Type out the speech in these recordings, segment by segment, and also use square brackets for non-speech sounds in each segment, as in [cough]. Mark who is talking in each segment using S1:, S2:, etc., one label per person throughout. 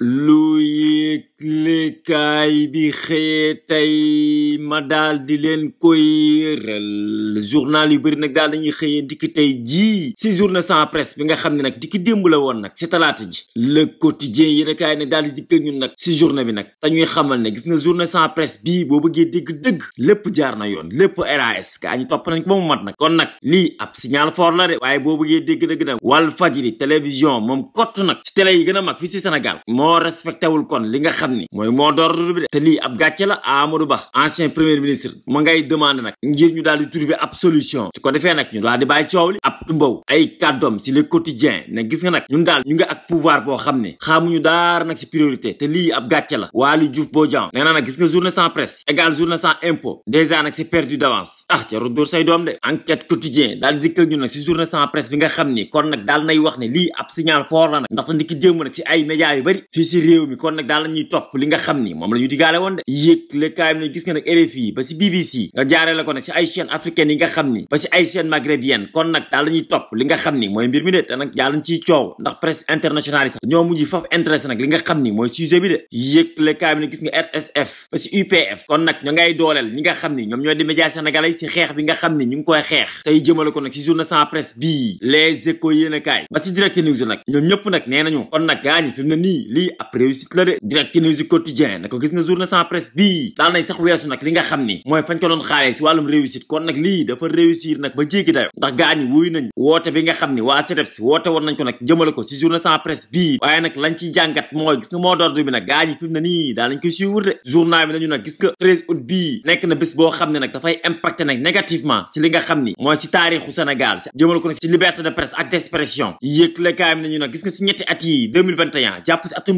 S1: lu yëglekaay bi xëyee tey ma daal di leen koy yëral journal yu bëri nag daal dañuy xëyee dikk tey jii si journée sans presse bi nga xam ne nag dikk démb la woon nag si talaat ji le quotidien yéenekaay ne daal di dikk ñun nag si journée bi nag dañuy xamal ne gis nga journée sans presse bi boo bëggee dëgg dëgg lépp jaar na yoon lépp RAS gaa ñu topp nañ ko moom mat nag kon nag lii ab signal fort la de waaye boo bëggee dégg-dëgg nag Walf Fadjri télévision moom kott nag si yi gën a mag fii si Sénégal moo respecté kon li nga xam ni mooy moo d'ordre bi de te lii ab gàcce la Amadou Ba ancien premier ministre ma ngay demandé nag ngir ñu daal di trouver ab solution su ne gis nga nag ñu ngi ak pouvoir boo xam ne xaamuñu daar nag si priorité te lii ab gàcce la Waly Diouf Bodian nee naa nag gis nga journée sans presse égal journée sans impôt dèjà nag c'est perdu d'avance ah jaru dóor say doom de enquête quotidien daal di dikkal nag si journée sans fii réew mi kon nag daal la ñuy li nga xam ni moom la digaale woon de yëeg lëkkaay bi ne gis nga nag RFI ba si BBC nga jaaree ko nag si ay chaîne yi nga xam ni mooy mbir bi de yëeg lëkkaay bi ne gis nga RSF ba si UPF kon nag ñoo ngay dooleel ñi nga xam ni ñoom ñoo di média sénégalais si xeex bi nga xam ni ñu ngi koy xeex tey jëmale ko nag si journée sans presse bii les échos yéen a kaay ba si direct news nag ñoom ñëpp nee nañu bi ab réussite la de direct négativement si li nga xam ni mooy si taarixu Sénégal si jëmale ko nag si liberté de presse ak d'expression yëeg lekaay mi nañu nag gis nga si ñetti at yi jàpp si atum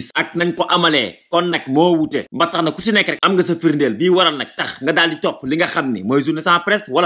S1: gis ak nañ ko amalee kon nag moo wute ba na ku si rek am nga sa firndeel bii waral nag tax nga daal di li nga xam ni mooy journaux sans presse bii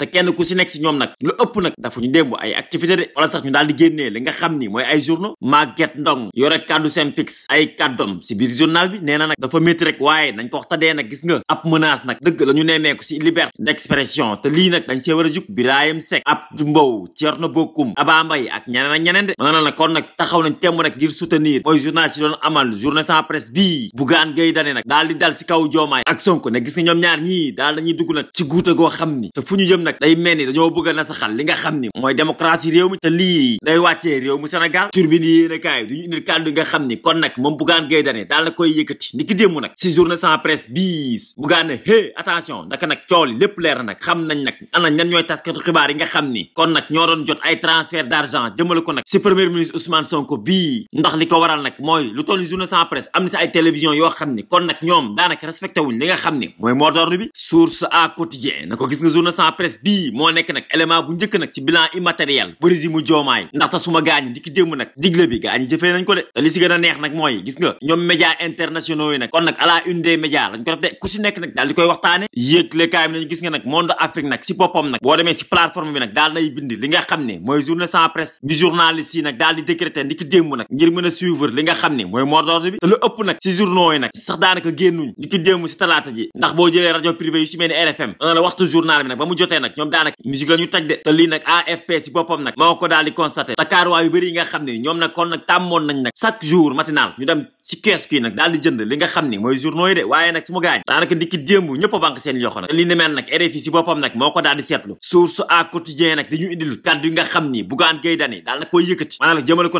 S1: te kenn ku si si ñoom nag lu ëpp nag dafa ñu démb ay activité de wala sax ñu daal di li nga xam ni mooy ay journaux Maguette Ndong Ngom yore kàddu Synpics ay kàddoom si biir journal bi nee na nag dafa métti rek waaye nañ ko wax tadee nag gis nga ab menace nag dëgg la ñu nemmeeku si liberté d'expression te lii de maanaam nag kon nag daal di dal si kaw Diomaye ak Sonko ne gis nga ñoom ñaar ñii daal dañuy dugg nag ci guuta goo xam ni te fu ñu jëm nag day mel dañoo bëgg a nasaxal li nga xam ni mooy démocratie réew mi te lii day wàccee réew mu Sénégal turbine yéen a kaay duñu biir kàddu moom Bougane Gueye Dany daal na koy yëkkati ni ki si journée sans presse biis Bougane ne hé attention ndaka nag coow li lépp xam nañ nag ana ñooy taskatu xibaar yi nga xam ni kon nag ñoo doon jot ay transfert li nga xam ni mooy mot bi source à quotidien na gis nga journée sans presse bii moo nekk nag élément bu njëkk nag si bilan immatériel bu régime mu joomaay ndaxte suma gaañi di ki démb digle bi gaañi jëfee nañ ko de li si gën a neex nag mooy gis nga ñoom média internationaux yi nag kon nag à une des médias lañ ko def de ku si nekk nag daal di koy waxtaane yëgle kaay gis nga nag monde nag si boppam nag de te lii nag AFP si boppam nag moo ko daal di constaté takaaruwaa yu nga xam ne ñoom nag kon nag tàmmoon nañ nañ nag chaque jour matinal ñu dem ci kees kii nag daal di jënd li nga xam ni mooy journaux yi de waaye nag su ma gaañ daanaka a banque seen yoxo nag ni mel nag RFI ci boppam nag moo ko daal di seetlu source à jëmale ko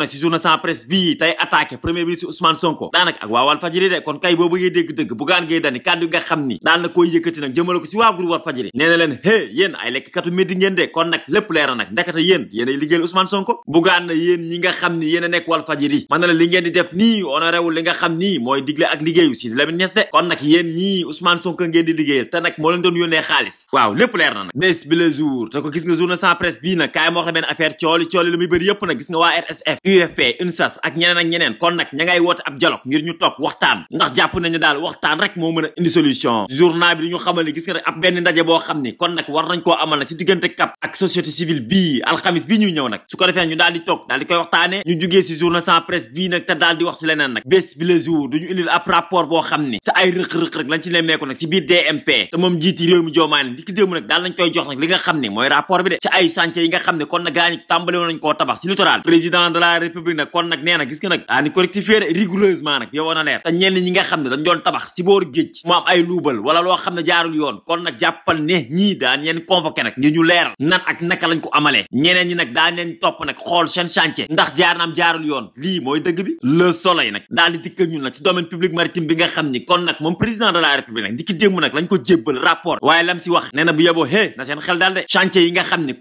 S1: nag ci waa Walf Fadjri de kon kay boo na koy yëkkati nag jëmale ay lekkkatu médi ngeen de kon nag lépp leer nag ndekete yéen yéen ay liggéeyal Ousmane Sonko Bougane na ñi nga xam ni yéen a nekk Walf Fadjri ma ne la li ngeen di def nii honoré wul li nga xam nii mooy digle ak liggéeyu Sidi Lamine Niass de kon nag yéen ñii Ousmane Sonko ngeen di liggéeyal te nag moo leen doon yónnee xaalis waaw lépp leer na nag bés bi ko gis nga journal sans presse bii nag kaay ma wax la benn affaire waa RSF UFP UNSAS ak ñeneen ak ñeneen kon nag ña woote ab dialogue ngir ñu toog waxtaan ndax jàpp nañu daal waxtaan rek moo mën a indi solution journal bi di ñu gis nga rek ab benn ndaje boo xam ni kon nag war nañ koo amal nag ci diggante CAP ak société su ko defee ñu daal di toog presse bii nag te daal di wax nag bés bi le jour duñu indil ab rapport boo xam ni sa ay rëq-rëq rek lañ ci nemmeeku nag si biir DMP te moom jiiti réew joomaay nag jox nag li nga xam ne mooy rapport bi de nee nag a leer te ñenn ñi nga xam ne dañ doon tabax si booru géej mu ay luubal wala loo xam ne jaarul yoon kon nag jàppal ne ñii daan yeen convoqué nag ngir ñu leeral nan ak naka lañ ko amalee ñeneen ñi nag daan leen topp nag xool seen chantier ndax jaar naam jaarul yoon lii mooy dëgg bi le soleil nag daal di dikk ak nag ci domaine public maritime bi nga xam ni kon nag na bu yeboo hé na seen xel daal de chantier yi nga ni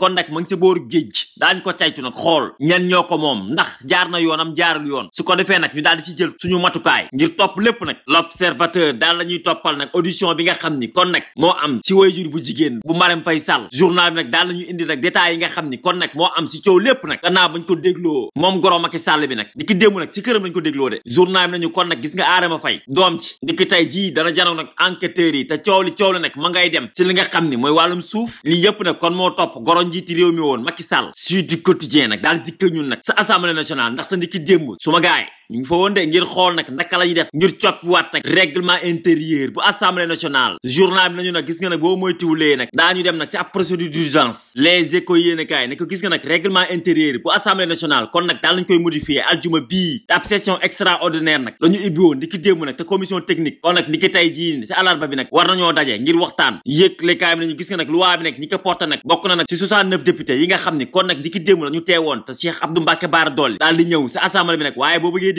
S1: na moo am si waajur bu jigéen bu Marème Faye Sall journal bi nag daal la ñuy indi nag détails yi nga xam ni kon nag moo am si coow lépp nag gannaaw bañ ko dégloo moom goro Macky Sall bi nag démb nag si këram lañ ko dégloo de journal bi nañu kon nag gis nga Adama Faye doom ci ndiki tey jii dana janoog nag enquêteurs yi te coow li coow li nag ma ngay dem si li nga xam ni mooy wàllum suuf lii yëpp nag kon moo topp goro njiiti réew mi woon Macky Sall Sud du Quotidien nag daal dikkee ñun nag sa assemblée nationale ndaxte ndiki démb su ma gaay ñu ngi fa woon de ngir xool nag naka la ñuy def ngir coppiwaat nag règlement intérieur bu assemblée nationale journal bi nag gis nga nag boo a kaay ne ko gis nga nag règlement intérieur bu assemblée nationale kon nag daal lañ koy modifier aljuma la ñu ubbi woon di ki démb nag te commission technique kon nag bi nag war nañoo daje ngir waxtaan yëgle kaay bi gis nga nag loi bi nag ñi ko porté nag bokk na nag si 69 députés yi nga xam ni kon nag ni ki démb la ñu teewoon te Cheikh Abdou Mbacké Bara Dolly daal di ñëw si assemblée bi nag waaye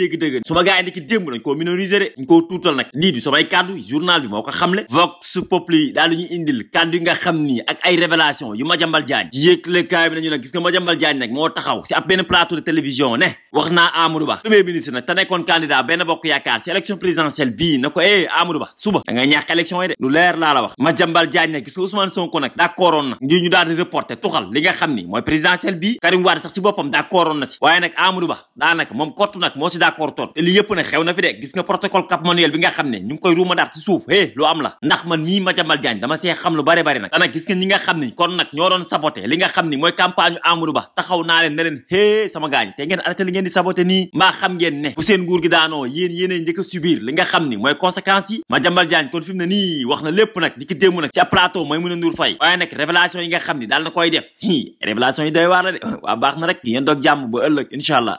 S1: de télévision ne wax naa Amadou Ba premier ministre nag te nekkoon candidat benn bokk yaakaar si élection présidentielle bii na eh Amadou Ba suba da nga ñàkk élection yi de lu leer laa la wax Madiambal Diagne nag gis nga Ousmane Sonko nag d'accordoon na ngir ñu daal reporter tuxal li nga xam ni mooy présidentielle bii Karim Wade sax si boppam d'accordoon na si waaye nag Amadou Ba daanaka moom kottu nag moo si d'accord toon te li yëpp fi de gis nga protocole Cap Manuel bi nga xam ne ñu ngi koy ruumandaat ci suuf hé lu am la ndax man mii Madiambal Diagne dama see xam lu bari bari nag gis nga xam ni mooy campagne Amadou Ba a subir kon fi ne nii wax na lépp nag ni ki démb nag ci plateau mooy mën a nduur fay waaye nag révélation yi nga xam ni daal na koy def révélation yi doy waar la de [laughs] waa baax na rek yéen doog jàmm ba allah